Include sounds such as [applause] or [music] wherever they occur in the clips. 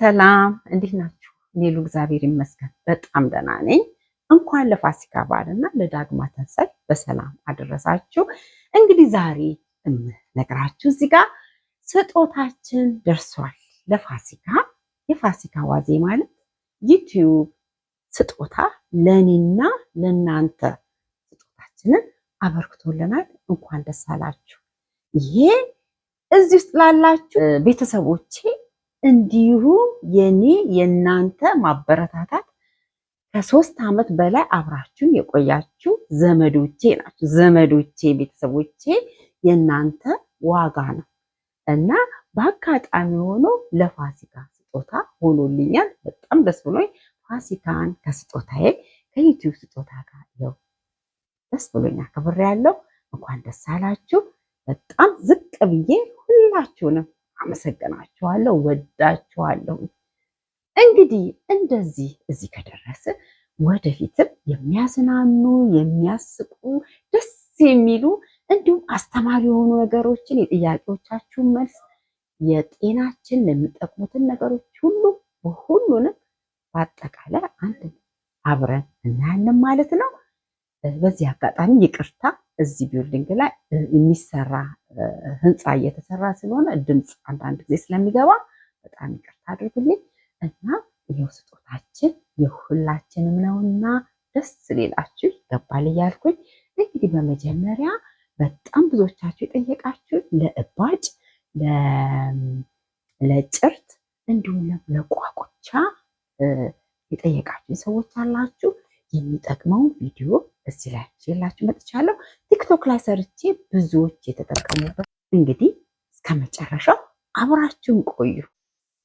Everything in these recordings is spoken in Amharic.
ሰላም እንዴት ናችሁ? እኔ እግዚአብሔር ይመስገን በጣም ደህና ነኝ። እንኳን ለፋሲካ ባልና ለዳግማ ትንሣኤ በሰላም አደረሳችሁ። እንግዲህ ዛሬ እምነግራችሁ እዚህ ጋር ስጦታችን ደርሷል ለፋሲካ። የፋሲካ ዋዜ ማለት ዩቲዩብ ስጦታ ለእኔና ለእናንተ ስጦታችንን አበርክቶልናል። እንኳን ደስ አላችሁ። ይሄ እዚህ ውስጥ ላላችሁ ቤተሰቦቼ እንዲሁ የኔ የእናንተ ማበረታታት ከሶስት ዓመት በላይ አብራችሁን የቆያችሁ ዘመዶቼ ናችሁ። ዘመዶቼ ቤተሰቦቼ የእናንተ ዋጋ ነው እና በአጋጣሚ ሆኖ ለፋሲካ ስጦታ ሆኖልኛል። በጣም ደስ ብሎኝ ፋሲካን ከስጦታዬ ከዩቲዩብ ስጦታ ጋር ያው ደስ ብሎኛል። ክብር ያለው እንኳን ደስ አላችሁ። በጣም ዝቅ ብዬ ሁላችሁንም አመሰግናችኋለሁ፣ ወዳችኋለሁ። እንግዲህ እንደዚህ እዚህ ከደረስ ወደፊትም የሚያዝናኑ የሚያስቁ ደስ የሚሉ እንዲሁም አስተማሪ የሆኑ ነገሮችን የጥያቄዎቻችሁን መልስ የጤናችን ለሚጠቅሙትን ነገሮች ሁሉ ሁሉንም በአጠቃላይ አንድ አብረን እናያለን ማለት ነው። በዚህ አጋጣሚ ይቅርታ እዚህ ቢልዲንግ ላይ የሚሰራ ህንፃ እየተሰራ ስለሆነ ድምፅ አንዳንድ ጊዜ ስለሚገባ በጣም ይቅርታ አድርጉልኝ እና ይኸው ስጦታችን የሁላችንም ነውና ደስ ሌላችሁ ይገባል እያልኩኝ እንግዲህ በመጀመሪያ በጣም ብዙዎቻችሁ የጠየቃችሁ ለእባጭ ለጭርት እንዲሁም ለቋቁቻ የጠየቃችሁ ሰዎች አላችሁ። የሚጠቅመው ቪዲዮ እዚህ ላይ ይዤላችሁ መጥቻለሁ። ቲክቶክ ላይ ሰርቼ ብዙዎች የተጠቀሙበት እንግዲህ እስከ መጨረሻው አብራችሁን ቆዩ።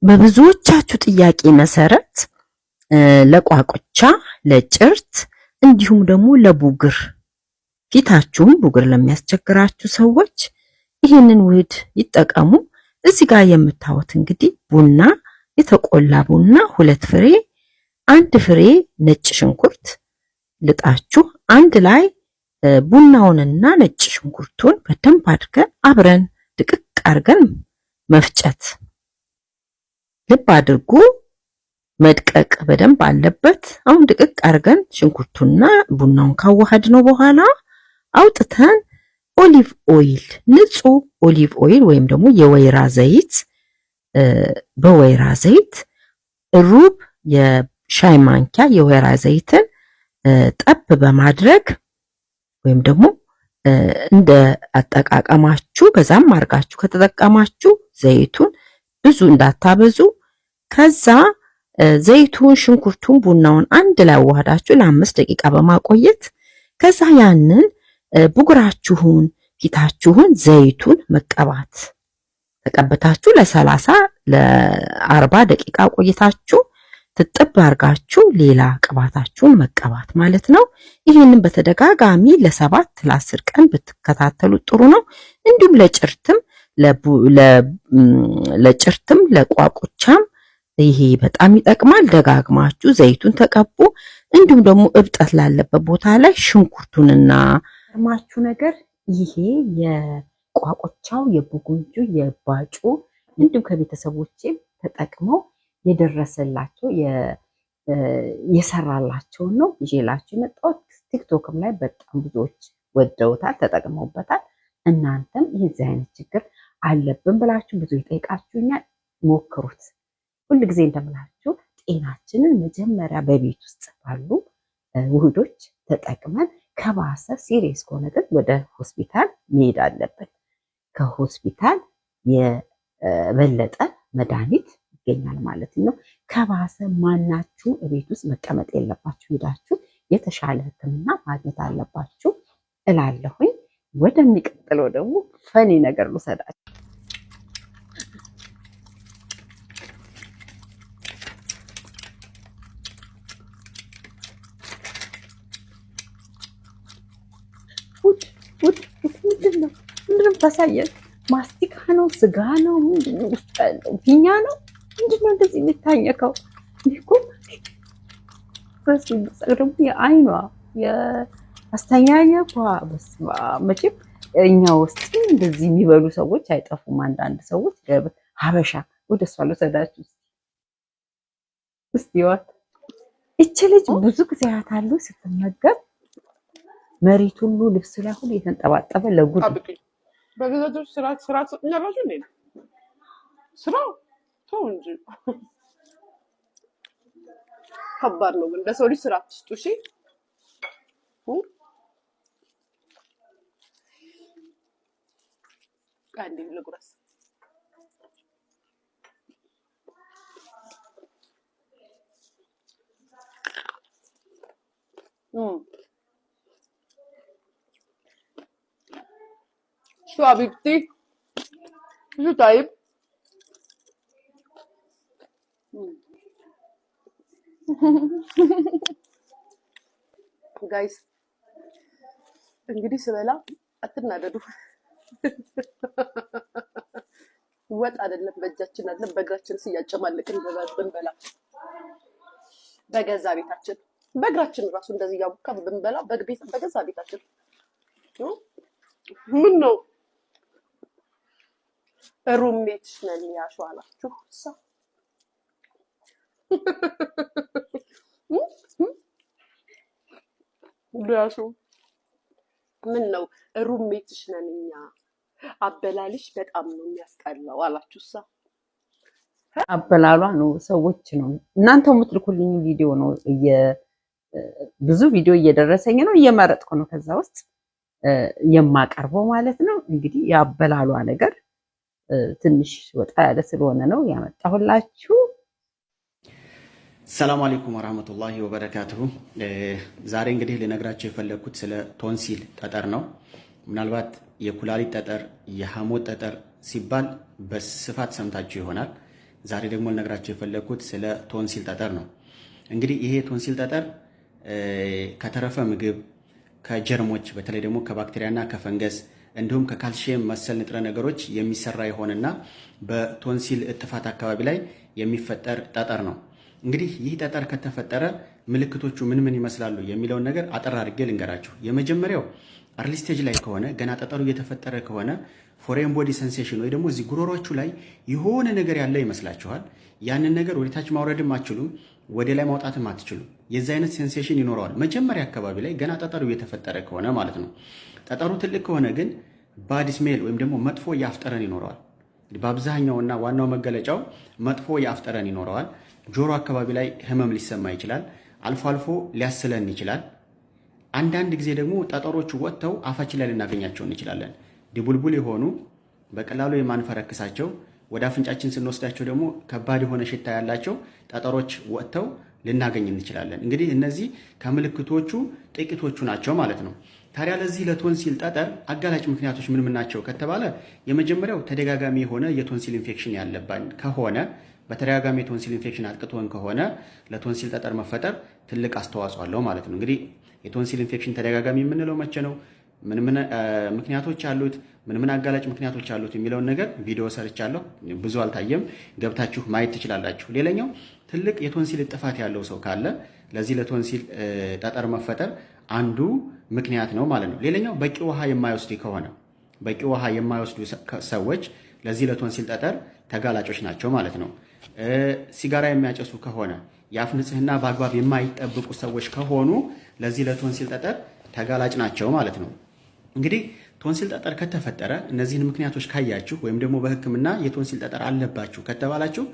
በብዙዎቻችሁ ጥያቄ መሰረት ለቋቁቻ፣ ለጭርት እንዲሁም ደግሞ ለቡግር ፊታችሁን ቡግር ለሚያስቸግራችሁ ሰዎች ይህንን ውህድ ይጠቀሙ። እዚህ ጋር የምታዩት እንግዲህ ቡና የተቆላ ቡና ሁለት ፍሬ አንድ ፍሬ ነጭ ሽንኩርት ልጣችሁ አንድ ላይ ቡናውንና ነጭ ሽንኩርቱን በደንብ አድርገን አብረን ድቅቅ አድርገን መፍጨት። ልብ አድርጉ መድቀቅ በደንብ አለበት። አሁን ድቅቅ አድርገን ሽንኩርቱና ቡናውን ካዋሃድ ነው በኋላ አውጥተን ኦሊቭ ኦይል ንጹህ ኦሊቭ ኦይል ወይም ደግሞ የወይራ ዘይት በወይራ ዘይት ሩብ ሻይ ማንኪያ የወይራ ዘይትን ጠብ በማድረግ ወይም ደግሞ እንደ አጠቃቀማችሁ በዛም አድርጋችሁ ከተጠቀማችሁ ዘይቱን ብዙ እንዳታበዙ። ከዛ ዘይቱን፣ ሽንኩርቱን፣ ቡናውን አንድ ላይ አዋህዳችሁ ለአምስት ደቂቃ በማቆየት ከዛ ያንን ብጉራችሁን፣ ፊታችሁን ዘይቱን መቀባት ተቀብታችሁ ለሰላሳ ለአርባ ደቂቃ ቆይታችሁ ትጥብ አርጋችሁ ሌላ ቅባታችሁን መቀባት ማለት ነው። ይህንን በተደጋጋሚ ለሰባት ለአስር ቀን ብትከታተሉት ጥሩ ነው። እንዲሁም ለጭርትም ለጭርትም ለቋቁቻም ይሄ በጣም ይጠቅማል። ደጋግማችሁ ዘይቱን ተቀቡ። እንዲሁም ደግሞ እብጠት ላለበት ቦታ ላይ ሽንኩርቱንና ማችሁ ነገር ይሄ የቋቁቻው የቡጉንጁ የባጩ እንዲሁም ከቤተሰቦቼ ተጠቅመው የደረሰላቸው የሰራላቸውን ነው ይዤላችሁ የመጣሁት። ቲክቶክም ላይ በጣም ብዙዎች ወደውታል፣ ተጠቅመውበታል። እናንተም የዚህ አይነት ችግር አለብን ብላችሁ ብዙ ይጠይቃችሁኛል። ሞክሩት። ሁል ጊዜ እንደምላችሁ ጤናችንን መጀመሪያ በቤት ውስጥ ባሉ ውህዶች ተጠቅመን ከባሰ ሲሪየስ ከሆነ ግን ወደ ሆስፒታል መሄድ አለብን። ከሆስፒታል የበለጠ መድኃኒት ይገኛል ማለት ነው። ከባሰ ማናችሁ እቤት ውስጥ መቀመጥ የለባችሁ፣ ሄዳችሁ የተሻለ ሕክምና ማግኘት አለባችሁ እላለሁኝ። ወደሚቀጥለው ደግሞ ፈኒ ነገር ልውሰዳችሁ። ምንድነው? ምንድነው ታሳየን? ማስቲካ ነው? ስጋ ነው? ምንድነው? ውስጥ ያለው ፊኛ ነው? ምንድን ነው እንደዚህ የምታኘከው? እኮ በሱ ጸቅ ደግሞ የአይኗ የአስተኛኘቷ መቼም እኛ ውስጥ እንደዚህ የሚበሉ ሰዎች አይጠፉም። አንዳንድ ሰዎች ሀበሻ ወደ እሷ ልውሰዳችሁ እስኪ ዋት ይቺ ልጅ ብዙ ጊዜያት አሉ ስትመገብ መሬት ሁሉ ልብስ ላይ ሁሉ የተንጠባጠበ ለጉድ ስራ ስራ ተው ከባድ ነው ግን ለሰው ልጅ ስራ አትስጡ። እሺ አንዴ ልጉረስ። şu abi bitti. Şu tayip ጋይስ እንግዲህ ስበላ አትናደዱ። ወጥ አይደለም በእጃችን አይደለም በእግራችን ስያጨማልቅን ብንበላ በገዛ ቤታችን በእግራችን እራሱ እንደዚህ እያቡካ ብንበላ በገዛ ቤታችን ምን ነው ሩሜት ነን ያሸዋላችሁ ቢያሹ ምን ነው ሩሜትሽ ነን እኛ፣ አበላልሽ በጣም ነው የሚያስጠላው አላችሁ። እሷ አበላሏ ነው ሰዎች ነው እናንተ የምትልኩልኝ ቪዲዮ ነው። ብዙ ቪዲዮ እየደረሰኝ ነው፣ እየመረጥኩ ነው ከዛ ውስጥ የማቀርበው ማለት ነው። እንግዲህ የአበላሏ ነገር ትንሽ ወጣ ያለ ስለሆነ ነው ያመጣሁላችሁ። ሰላም አለይኩም ወራህመቱላሂ ወበረካቱሁ። ዛሬ እንግዲህ ልነግራቸው የፈለግኩት ስለ ቶንሲል ጠጠር ነው። ምናልባት የኩላሊት ጠጠር፣ የሐሞት ጠጠር ሲባል በስፋት ሰምታችሁ ይሆናል። ዛሬ ደግሞ ልነግራቸው የፈለግኩት ስለ ቶንሲል ጠጠር ነው። እንግዲህ ይሄ ቶንሲል ጠጠር ከተረፈ ምግብ፣ ከጀርሞች በተለይ ደግሞ ከባክቴሪያና ከፈንገስ እንዲሁም ከካልሽየም መሰል ንጥረ ነገሮች የሚሰራ የሆነና በቶንሲል እጥፋት አካባቢ ላይ የሚፈጠር ጠጠር ነው። እንግዲህ ይህ ጠጠር ከተፈጠረ ምልክቶቹ ምን ምን ይመስላሉ የሚለውን ነገር አጠር አድርጌ ልንገራችሁ። የመጀመሪያው አርሊ ስቴጅ ላይ ከሆነ ገና ጠጠሩ እየተፈጠረ ከሆነ ፎሬን ቦዲ ሰንሴሽን ወይ ደግሞ እዚህ ጉሮሯችሁ ላይ የሆነ ነገር ያለ ይመስላችኋል። ያንን ነገር ወደታች ማውረድም አትችሉም፣ ወደ ላይ ማውጣትም አትችሉም። የዚ አይነት ሴንሴሽን ይኖረዋል። መጀመሪያ አካባቢ ላይ ገና ጠጠሩ እየተፈጠረ ከሆነ ማለት ነው። ጠጠሩ ትልቅ ከሆነ ግን ባድ ስሜል ወይም ደግሞ መጥፎ የአፍ ጠረን ይኖረዋል። በአብዛኛውና ዋናው መገለጫው መጥፎ የአፍ ጠረን ይኖረዋል። ጆሮ አካባቢ ላይ ህመም ሊሰማ ይችላል። አልፎ አልፎ ሊያስለን ይችላል። አንዳንድ ጊዜ ደግሞ ጠጠሮቹ ወጥተው አፋችን ላይ ልናገኛቸው እንችላለን። ድቡልቡል የሆኑ በቀላሉ የማንፈረክሳቸው ወደ አፍንጫችን ስንወስዳቸው ደግሞ ከባድ የሆነ ሽታ ያላቸው ጠጠሮች ወጥተው ልናገኝ እንችላለን። እንግዲህ እነዚህ ከምልክቶቹ ጥቂቶቹ ናቸው ማለት ነው። ታዲያ ለዚህ ለቶንሲል ጠጠር አጋላጭ ምክንያቶች ምን ምን ናቸው ከተባለ የመጀመሪያው ተደጋጋሚ የሆነ የቶንሲል ኢንፌክሽን ያለባን ከሆነ በተደጋጋሚ የቶንሲል ኢንፌክሽን አጥቅቶን ከሆነ ለቶንሲል ጠጠር መፈጠር ትልቅ አስተዋጽኦ አለው ማለት ነው። እንግዲህ የቶንሲል ኢንፌክሽን ተደጋጋሚ የምንለው መቼ ነው? ምን ምን ምክንያቶች አሉት፣ ምን ምን አጋላጭ ምክንያቶች አሉት የሚለውን ነገር ቪዲዮ ሰርቻለሁ። ብዙ አልታየም፣ ገብታችሁ ማየት ትችላላችሁ። ሌላኛው ትልቅ የቶንሲል ጥፋት ያለው ሰው ካለ ለዚህ ለቶንሲል ጠጠር መፈጠር አንዱ ምክንያት ነው ማለት ነው። ሌላኛው በቂ ውሃ የማይወስድ ከሆነ በቂ ውሃ የማይወስዱ ሰዎች ለዚህ ለቶንሲል ጠጠር ተጋላጮች ናቸው ማለት ነው። ሲጋራ የሚያጨሱ ከሆነ የአፍ ንጽህና በአግባብ የማይጠብቁ ሰዎች ከሆኑ ለዚህ ለቶንሲል ጠጠር ተጋላጭ ናቸው ማለት ነው። እንግዲህ ቶንሲል ጠጠር ከተፈጠረ እነዚህን ምክንያቶች ካያችሁ ወይም ደግሞ በህክምና የቶንሲል ጠጠር አለባችሁ ከተባላችሁ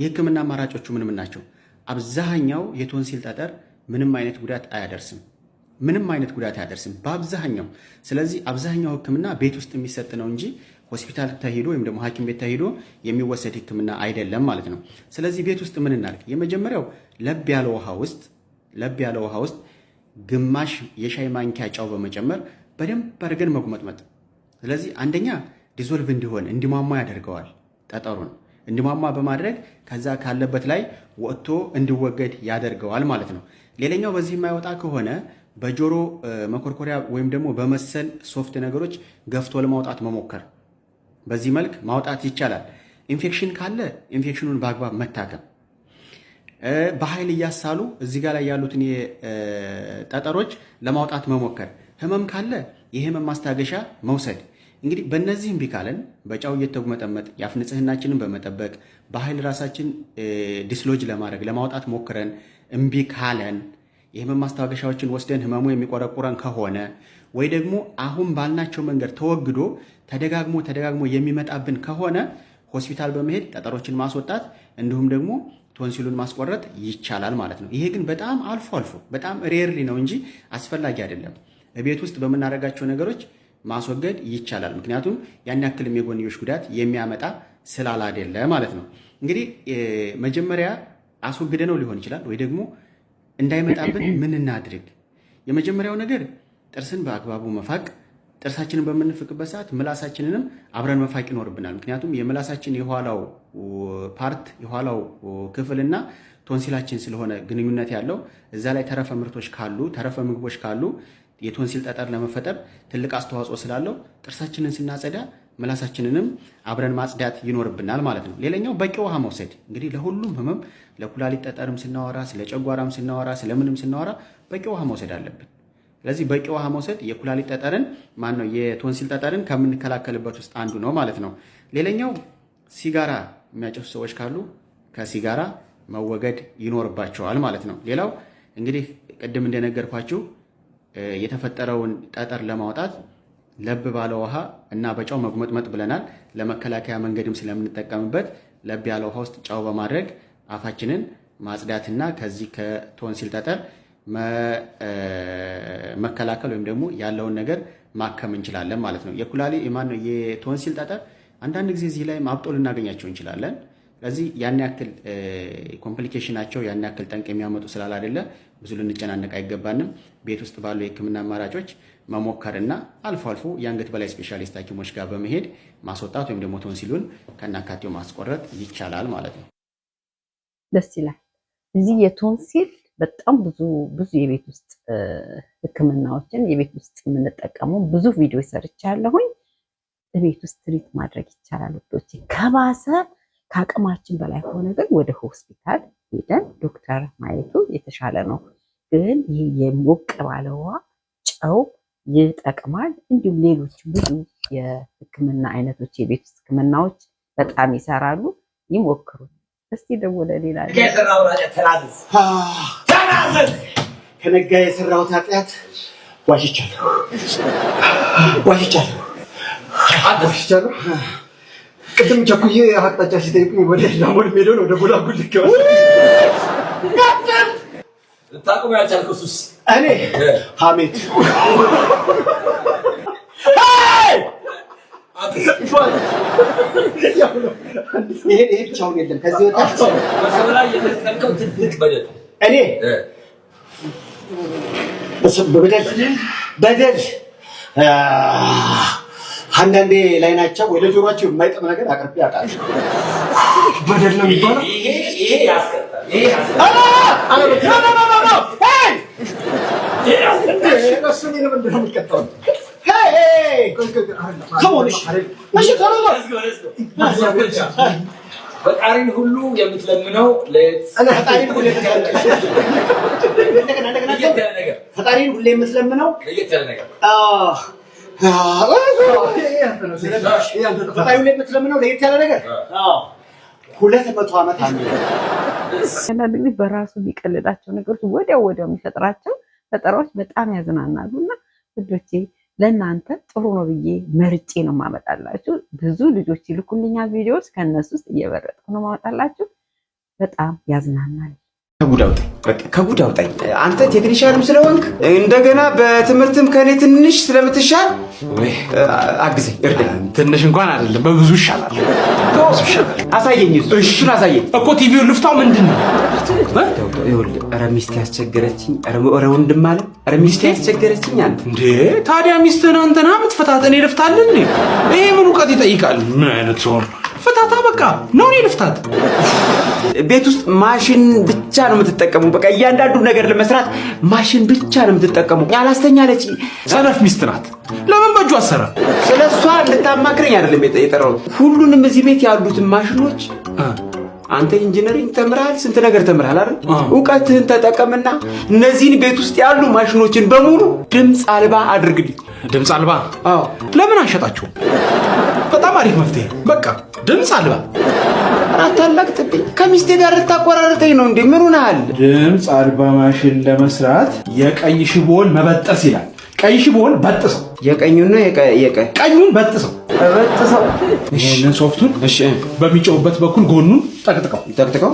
የህክምና አማራጮቹ ምንም ናቸው? አብዛኛው የቶንሲል ጠጠር ምንም አይነት ጉዳት አያደርስም። ምንም አይነት ጉዳት አያደርስም በአብዛኛው። ስለዚህ አብዛኛው ህክምና ቤት ውስጥ የሚሰጥ ነው እንጂ ሆስፒታል ተሄዶ ወይም ደግሞ ሐኪም ቤት ተሄዶ የሚወሰድ ህክምና አይደለም ማለት ነው። ስለዚህ ቤት ውስጥ ምን እናድርግ? የመጀመሪያው ለብ ያለ ውሃ ውስጥ ለብ ያለ ውሃ ውስጥ ግማሽ የሻይ ማንኪያ ጨው በመጨመር በደንብ አድርገን መቁመጥመጥ። ስለዚህ አንደኛ ዲዞልቭ እንዲሆን እንዲሟሟ ያደርገዋል ጠጠሩን እንዲሟሟ በማድረግ ከዛ ካለበት ላይ ወጥቶ እንዲወገድ ያደርገዋል ማለት ነው። ሌላኛው በዚህ የማይወጣ ከሆነ በጆሮ መኮርኮሪያ ወይም ደግሞ በመሰል ሶፍት ነገሮች ገፍቶ ለማውጣት መሞከር። በዚህ መልክ ማውጣት ይቻላል። ኢንፌክሽን ካለ ኢንፌክሽኑን በአግባብ መታከም፣ በኃይል እያሳሉ እዚህ ጋር ላይ ያሉትን ጠጠሮች ለማውጣት መሞከር ህመም ካለ የህመም ማስታገሻ መውሰድ እንግዲህ በእነዚህም ቢካለን በጫው እየተጉመጠመጥ የአፍ ንጽህናችንን በመጠበቅ በኃይል ራሳችን ዲስሎጅ ለማድረግ ለማውጣት ሞክረን እምቢ ካለን የህመም ማስታገሻዎችን ወስደን ህመሙ የሚቆረቁረን ከሆነ ወይ ደግሞ አሁን ባልናቸው መንገድ ተወግዶ ተደጋግሞ ተደጋግሞ የሚመጣብን ከሆነ ሆስፒታል በመሄድ ጠጠሮችን ማስወጣት እንዲሁም ደግሞ ቶንሲሉን ማስቆረጥ ይቻላል ማለት ነው። ይሄ ግን በጣም አልፎ አልፎ በጣም ሬርሊ ነው እንጂ አስፈላጊ አይደለም። ቤት ውስጥ በምናደርጋቸው ነገሮች ማስወገድ ይቻላል። ምክንያቱም ያን ያክልም የጎንዮሽ ጉዳት የሚያመጣ ስላላደለ ማለት ነው። እንግዲህ መጀመሪያ አስወግደ ነው ሊሆን ይችላል ወይ ደግሞ እንዳይመጣብን ምን እናድርግ? የመጀመሪያው ነገር ጥርስን በአግባቡ መፋቅ። ጥርሳችንን በምንፍቅበት ሰዓት ምላሳችንንም አብረን መፋቅ ይኖርብናል። ምክንያቱም የምላሳችን የኋላው ፓርት የኋላው ክፍልና ቶንሲላችን ስለሆነ ግንኙነት ያለው እዛ ላይ ተረፈ ምርቶች ካሉ ተረፈ ምግቦች ካሉ የቶንሲል ጠጠር ለመፈጠር ትልቅ አስተዋጽኦ ስላለው ጥርሳችንን ስናጸዳ ምላሳችንንም አብረን ማጽዳት ይኖርብናል ማለት ነው። ሌላኛው በቂ ውሃ መውሰድ እንግዲህ ለሁሉም ህመም፣ ለኩላሊት ጠጠርም ስናወራ፣ ስለ ጨጓራም ስናወራ፣ ስለምንም ስናወራ በቂ ውሃ መውሰድ አለብን። ስለዚህ በቂ ውሃ መውሰድ የኩላሊት ጠጠርን ማን ነው የቶንሲል ጠጠርን ከምንከላከልበት ውስጥ አንዱ ነው ማለት ነው። ሌላኛው ሲጋራ የሚያጨሱ ሰዎች ካሉ ከሲጋራ መወገድ ይኖርባቸዋል ማለት ነው። ሌላው እንግዲህ ቅድም እንደነገርኳችሁ የተፈጠረውን ጠጠር ለማውጣት ለብ ባለ ውሃ እና በጨው መጉመጥመጥ ብለናል። ለመከላከያ መንገድም ስለምንጠቀምበት ለብ ያለ ውሃ ውስጥ ጨው በማድረግ አፋችንን ማጽዳትና ከዚህ ከቶንሲል ጠጠር መከላከል ወይም ደግሞ ያለውን ነገር ማከም እንችላለን ማለት ነው። የኩላሊ ማነው የቶንሲል ጠጠር አንዳንድ ጊዜ እዚህ ላይ አብጦ ልናገኛቸው እንችላለን። ስለዚህ ያን ያክል ኮምፕሊኬሽናቸው ያን ያክል ጠንቅ የሚያመጡ ስላል አይደለ ብዙ ልንጨናነቅ አይገባንም። ቤት ውስጥ ባሉ የህክምና አማራጮች መሞከር እና አልፎ አልፎ የአንገት በላይ ስፔሻሊስት ሐኪሞች ጋር በመሄድ ማስወጣት ወይም ደግሞ ቶንሲሉን ከናካቴው ማስቆረጥ ይቻላል ማለት ነው። ደስ ይላል። እዚህ የቶንሲል በጣም ብዙ ብዙ የቤት ውስጥ ህክምናዎችን የቤት ውስጥ የምንጠቀመው ብዙ ቪዲዮ ሰርቻለሁኝ። ቤት ውስጥ ትሪት ማድረግ ይቻላል። ከባሰ ከአቅማችን በላይ ከሆነ ግን ወደ ሆስፒታል ሄደን ዶክተር ማየቱ የተሻለ ነው። ግን ይህ የሞቅ ባለ ውሃ ጨው ይጠቅማል። እንዲሁም ሌሎች ብዙ የህክምና አይነቶች፣ የቤት ውስጥ ህክምናዎች በጣም ይሰራሉ። ይሞክሩ። እስቲ ደግሞ ለሌላ ከነጋ የሰራሁት ኃጢአት ዋሽቻለሁ ዋሽቻለሁ ዋሽቻለሁ ቅድም ቸኩዬ አቅጣጫ ሲጠይቁኝ ወደ ላሞን ሜዶን ወደ ቦላ ጉልክ ልታቆሙ ያልቻልከው ሱስ እኔ ሀሜት ይሄ ብቻውን የለም። ከዚህ ወጣች ትልቅ በደል እኔ በደል በደል አንዳንዴ ላይ ናቸው ወይ ለጆሮአቸው የማይጠም ነገር አቅርቤ አውቃለሁ። በደል ነው የሚባለው። ፈጣሪን ሁሉ የምትለምነው ፈጣሪን ሁሉ የምትለምነው ፈጣሪ በራሱ ቢቀልዳቸው ነገሮች ወዲያው ወዲያው የሚፈጥራቸው ፈጠራዎች በጣም ያዝናናሉ እና ልጆቼ ለእናንተ ጥሩ ነው ብዬ መርጬ ነው ማመጣላችሁ። ብዙ ልጆች ይልኩልኛል ቪዲዮዎች፣ ከእነሱ ውስጥ እየበረጥኩ ነው ማመጣላችሁ። በጣም ያዝናናል። ከጉድ አውጣኝ አንተ ቴክኒሻንም ስለሆንክ እንደገና በትምህርትም ከኔ ትንሽ ስለምትሻል አግዘኝ፣ እርዳኝ። ትንሽ እንኳን አይደለም በብዙ ይሻላል። አሳየኝ፣ እሱን አሳየኝ እኮ ቲቪውን ልፍታው። ምንድን ነው ኧረ ሚስቴ ያስቸገረችኝ፣ ኧረ ወንድም አለ፣ ኧረ ሚስቴ ያስቸገረችኝ። አንተ እንዴ ታዲያ ሚስትህን አንተና ምትፈታት እኔ ልፍታልን? ይሄ ምን እውቀት ይጠይቃል? ምን አይነት ሰው ነው? ፍታታ በቃ ነው። ልፍታት። ቤት ውስጥ ማሽን ብቻ ነው የምትጠቀሙ። በቃ እያንዳንዱ ነገር ለመስራት ማሽን ብቻ ነው የምትጠቀሙ። አላስተኛ ለች ሰነፍ ሚስት ናት። ለምን በእጁ አሰራ? ስለ እሷ እንድታማክረኝ አይደለም የጠራሁት። ሁሉንም እዚህ ቤት ያሉትን ማሽኖች አንተ ኢንጂነሪንግ ተምርሃል፣ ስንት ነገር ተምርሃል አይደል? እውቀትህን ተጠቀምና እነዚህን ቤት ውስጥ ያሉ ማሽኖችን በሙሉ ድምፅ አልባ አድርግልኝ። ድምፅ አልባ? አዎ። ለምን አንሸጣቸው? አሪፍ መፍትሄ። በቃ ድምፅ አልባ አታላቅጥብኝ። ከሚስቴ ጋር ልታቆራርጠኝ ነው እንዴ? ምን ሆነሃል? ድምፅ አልባ ማሽን ለመስራት የቀይ ሽቦን መበጠስ ይላል። ቀይ ሽቦን በጥሰው የቀኙና ቀኙን በጥሰው በጥሰው ይሄንን ሶፍቱን በሚጮውበት በኩል ጎኑን ጠቅጥቀው ጠቅጥቀው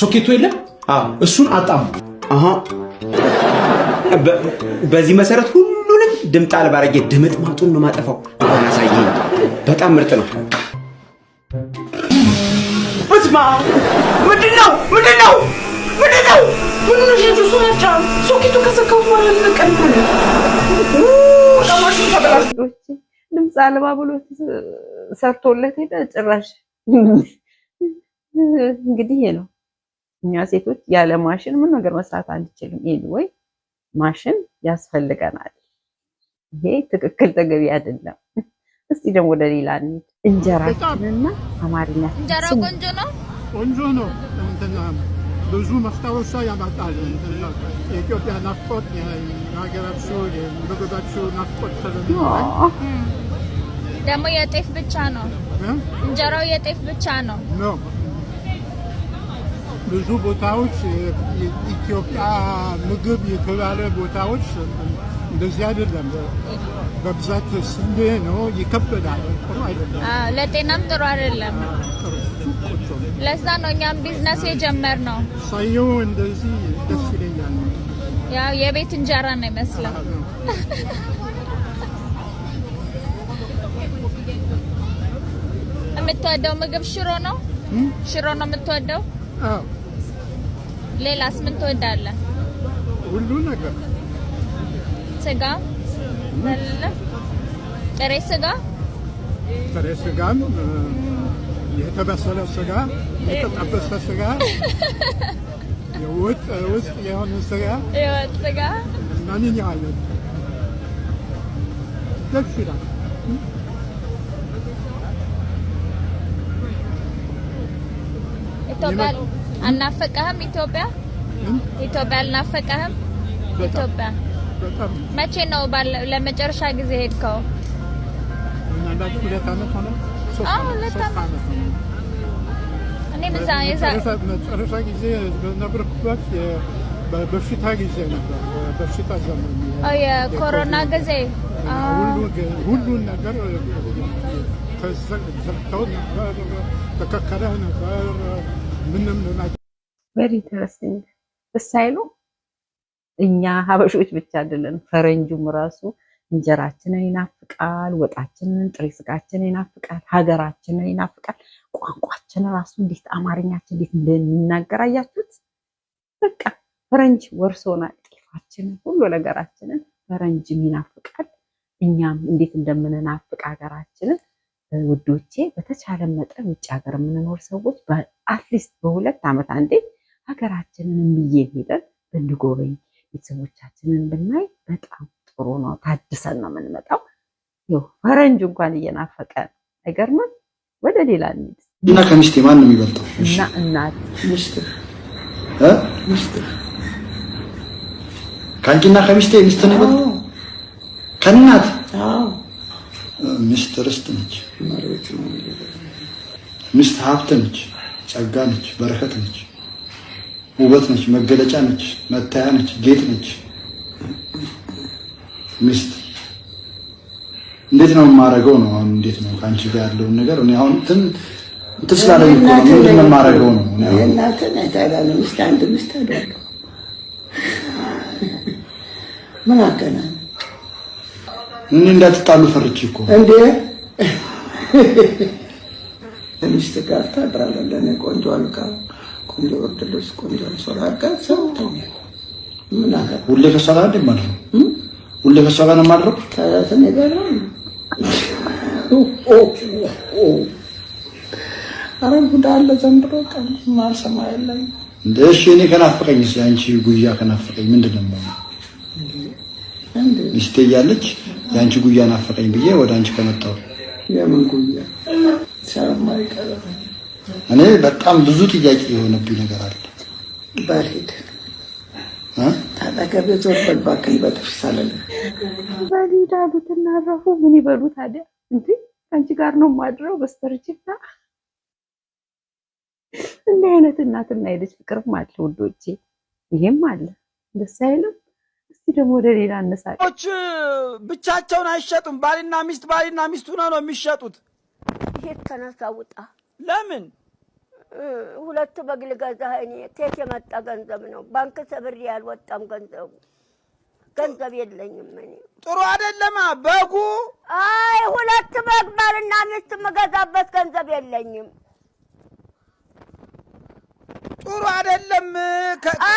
ሶኬቱ የለም እሱን አጣሙ። በዚህ መሰረት ሁሉንም ድምፅ አልባ አድርጌ ድምጥ ማጡን ነው ማጠፋው። አሁን አሳየኝ። በጣም ምርጥ ነው። ብትማ ምንድን ነው ምንድን ነው ምንድን ነው? ከሰካው ድምፅ አልባ ብሎ ሰርቶለት ሄደ። ጭራሽ እንግዲህ ይሄ ነው። እኛ ሴቶች ያለ ማሽን ምን ነገር መስራት አንችልም። ይሄ ወይ ማሽን ያስፈልገናል። ይሄ ትክክል ተገቢ አይደለም። እስቲ ደግሞ ወደ ሌላ እንሂድ። እንጀራችንና አማርኛ እንጀራ ቆንጆ ነው፣ ቆንጆ ነው። ብዙ መስታወሻ ያመጣል። የኢትዮጵያ ናፍቆት፣ የሀገራችሁ የምግባችሁ ናፍቆት ስለሚሆን ደግሞ የጤፍ ብቻ ነው እንጀራው፣ የጤፍ ብቻ ነው። ብዙ ቦታዎች ኢትዮጵያ ምግብ የተባለ ቦታዎች እንደዚህ አይደለም። በብዛት ስንዴ ነው፣ ይከብዳል። ለጤናም ጥሩ አይደለም። ለዛ ነው እኛም ቢዝነስ የጀመር ነው። ሳየው እንደዚህ ደስ ይለኛል። ያው የቤት እንጀራ ነው ይመስላል። የምትወደው ምግብ ሽሮ ነው? ሽሮ ነው የምትወደው? አዎ። ሌላስ ምን ትወዳለህ? ሁሉ ነገር ስጋ ጥሬ ስጋ ጥሬ ስጋም የተበሰለ ስጋ የተጠበሰ ስጋ የወጥ ውስጥ የሆነ ስጋ የወጥ ስጋ እናንኛዋለን። ደስ ይላል። ኢትዮጵያ አልናፈቀህም? ኢትዮጵያ ኢትዮጵያ አልናፈቀህም? ኢትዮጵያ መቼ ነው ለመጨረሻ ጊዜ ሄድከው? መጨረሻ ጊዜ በነበርኩበት በሽታ ጊዜ ነበር። በሽታ ዘመን የኮሮና ጊዜ ሁሉን ነገር ተዘግተው ነበር፣ ተከከለ ነበር። ምንም በሪ ተረስተኝ ደስ አይሉ እኛ ሀበሾች ብቻ አይደለን፣ ፈረንጁም ራሱ እንጀራችንን ይናፍቃል፣ ወጣችንን፣ ጥሬ ስጋችንን ይናፍቃል፣ ሀገራችንን ይናፍቃል። ቋንቋችን ራሱ እንዴት አማርኛችን እንዴት እንደሚናገር አያችሁት? በቃ ፈረንጅ ወርሶና ጤፋችንን፣ ሁሉ ነገራችንን ፈረንጅም ይናፍቃል። እኛም እንዴት እንደምንናፍቅ ሀገራችንን ውዶቼ፣ በተቻለ መጠን ውጭ ሀገር የምንኖር ሰዎች አትሊስት በሁለት ዓመት አንዴ ሀገራችንን የሚየሄደን ሄደን ብንጎበኝ ቤተሰቦቻችንን ብናይ በጣም ጥሩ ነው። ታድሰን ነው የምንመጣው። ፈረንጅ እንኳን እየናፈቀ አይገርምም። ወደ ሌላ እንሂድ እና ከሚስቴ ማን ነው የሚበልጠው? እና እናት ሚስት ከሚስቴ ሚስት ነው የሚበልጠው? ከእናት ሚስት ርስት ነች፣ ሚስት ሀብት ነች፣ ጸጋ ነች፣ በረከት ነች። ውበት ነች፣ መገለጫ ነች፣ መታያ ነች፣ ጌጥ ነች። ሚስት እንዴት ነው የማደርገው ነው አሁን እንዴት ነው ከአንቺ ጋር ያለውን ነገር እኔ አሁን እንትን እንትን ስላለኝ እኮ ነው ምንድን ነው የማደርገው ነው እናትን አይታላለ ሚስት አንድ ሚስት አደለው ምን አገና እኔ እንዳትጣሉ ፈርቼ እኮ እንዴ ሚስት ጋር ታድራለህ ለእኔ ቆንጆ አልካ ቆንጆ ኦርቶዶክስ ቆንጆ ሶላት ጋር ሰው ተውኛል። ምን አለ ሁሌ ከሷላ እንደ ማለት ነው። ሁሌ ከሷላ ነው ማድረግ ታላትን ይገራ አረ ጉዳ አለ ዘንድሮ ቀን ማሰማ የለም። እሺ እኔ ከናፈቀኝ እስኪ አንቺ ጉያ ከናፈቀኝ ምንድን ነው የምሆነው? ሚስቴ እያለች የአንቺ ጉያ ናፈቀኝ ብዬ ወደ አንቺ ከመጣሁ የምን ጉያ ሰላም አይቀርም እኔ በጣም ብዙ ጥያቄ የሆነብኝ ነገር አለ። ባልሄድ አጠገቤ ዞር በል እባክህ በጥፍስ አለለ አሉት እና አረፉ። ምን ይበሉ ታዲያ? እንጂ ከአንቺ ጋር ነው ማድረው በስተርጅና እንዲህ አይነት እናትና የልጅ ፍቅርም አለ ውዶቼ፣ ይሄም አለ። ደስ አይልም? እስቲ ደግሞ ወደ ሌላ እነሳች ብቻቸውን አይሸጡም። ባልና ሚስት ባልና ሚስት ሆነው ነው የሚሸጡት። ይሄ ከናሳውጣ ለምን ሁለቱ በግ ልገዛ እኔ የመጣ ገንዘብ ነው። ባንክ ሰብሬ ያልወጣም ገንዘቡ ገንዘብ የለኝም እኔ። ጥሩ አይደለማ በጉ። አይ ሁለት በግ ባልና ሚስት የምገዛበት ገንዘብ የለኝም። ጥሩ አይደለም።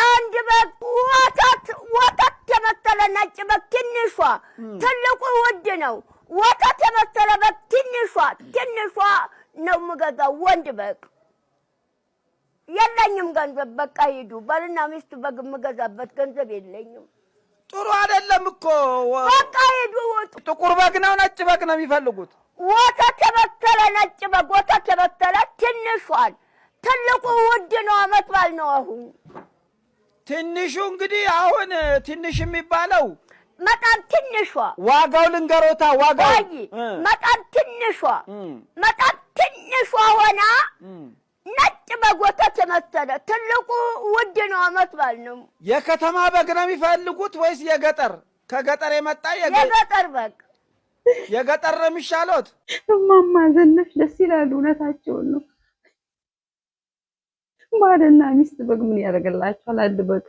አንድ በግ ወተት ወተት የመሰለ ነጭ በግ ትንሿ፣ ትልቁ ውድ ነው። ወተት የመሰለ በግ ትንሿ ትንሿ ነው የምገዛው። ወንድ በግ የለኝም ገንዘብ። በቃ ሂዱ። ባልና ሚስት በግ የምገዛበት ገንዘብ የለኝም። ጥሩ አይደለም እኮ በቃ ሂዱ። ጥቁር በግ ነው ነጭ በግ ነው የሚፈልጉት? ወተት የበሰለ ነጭ በግ፣ ወተት የበሰለ ትንሿን። ትልቁ ውድ ነው፣ አመት ባል ነው አሁን። ትንሹ እንግዲህ አሁን ትንሽ የሚባለው መጠን ትንሿ ዋጋው ልንገሮታ ዋጋው መጠን ትንሿ መጠን ትንሿ ሆና ነጭ በጎተት መሰለ። ትልቁ ውድ ነው፣ አመት በዓል ነው። የከተማ በግ ነው የሚፈልጉት ወይስ የገጠር? ከገጠር የመጣ የገጠር በግ የገጠር ነው የሚሻሎት። እማማ ዘነሽ ደስ ይላሉ። እውነታቸውን ነው። ባልና ሚስት በግ ምን ያደርግላቸዋል? አንድ በግ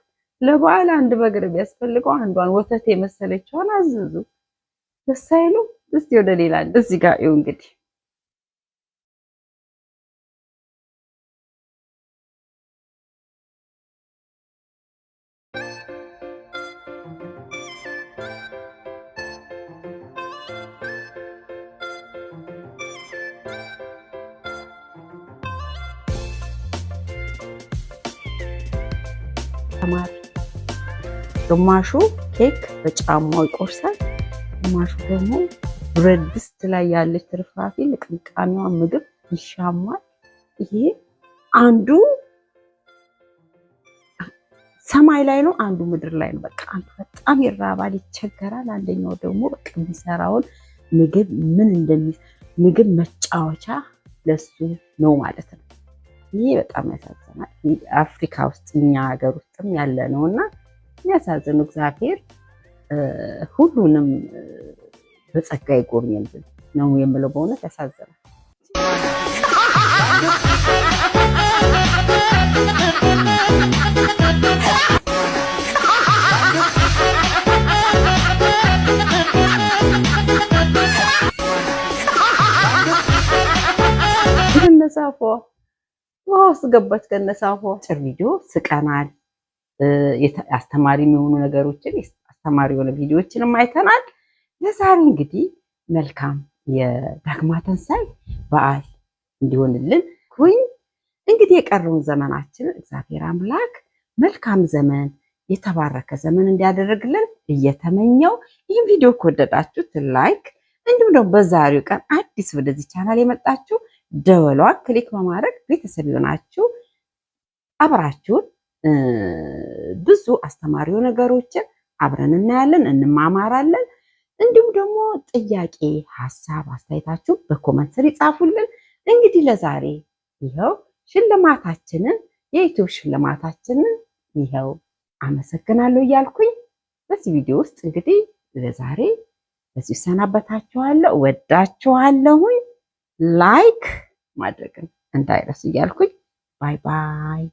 ለበዓል አንድ በግ ነው የሚያስፈልገው። አንዷን ወተት የመሰለችዋን አዘዙ። ደስ አይሉ። እስቲ ወደ ሌላ እዚህ ጋር ይኸው እንግዲህ ተማሪ። ግማሹ ኬክ በጫማው ይቆርሳል፣ ግማሹ ደግሞ ብረት ድስት ላይ ያለች ትርፍራፊ ለቅምቃሜዋ ምግብ ይሻማል። ይሄ አንዱ ሰማይ ላይ ነው፣ አንዱ ምድር ላይ ነው። በቃ አንዱ በጣም ይራባል፣ ይቸገራል። አንደኛው ደግሞ በቃ የሚሰራውን ምግብ ምን እንደሚ ምግብ መጫወቻ ለሱ ነው ማለት ነው። ይህ በጣም ያሳዝናል። አፍሪካ ውስጥ እኛ ሀገር ውስጥም ያለ ነው እና የሚያሳዝኑ እግዚአብሔር ሁሉንም በጸጋ ይጎብኝልን ነው የምለው። በእውነት ያሳዝናል። [laughs] ውሃ አስገባች ገነሳ አጭር ቪዲዮ ስቀናል። አስተማሪ የሚሆኑ ነገሮችን አስተማሪ የሆነ ቪዲዮዎችንም አይተናል። ለዛሬ እንግዲህ መልካም የዳግማ ትንሣኤ በዓል እንዲሆንልን ኩኝ እንግዲህ የቀረውን ዘመናችን እግዚአብሔር አምላክ መልካም ዘመን የተባረከ ዘመን እንዲያደርግልን እየተመኘው ይህም ቪዲዮ ከወደዳችሁት ላይክ እንዲሁም ደግሞ በዛሬው ቀን አዲስ ወደዚህ ቻናል የመጣችሁ ደወሏ ክሊክ በማድረግ ቤተሰብ የሆናችሁ አብራችሁን ብዙ አስተማሪው ነገሮችን አብረን እናያለን፣ እንማማራለን። እንዲሁም ደግሞ ጥያቄ፣ ሀሳብ፣ አስተያየታችሁ በኮመንት ስር ይጻፉልን። እንግዲህ ለዛሬ ይኸው ሽልማታችንን የዩቱብ ሽልማታችንን ይኸው አመሰግናለሁ እያልኩኝ በዚህ ቪዲዮ ውስጥ እንግዲህ ለዛሬ በዚህ ይሰናበታችኋለሁ። ወዳችኋለሁኝ። ላይክ ማድረግን እንዳይረስ እያልኩኝ ባይ ባይ።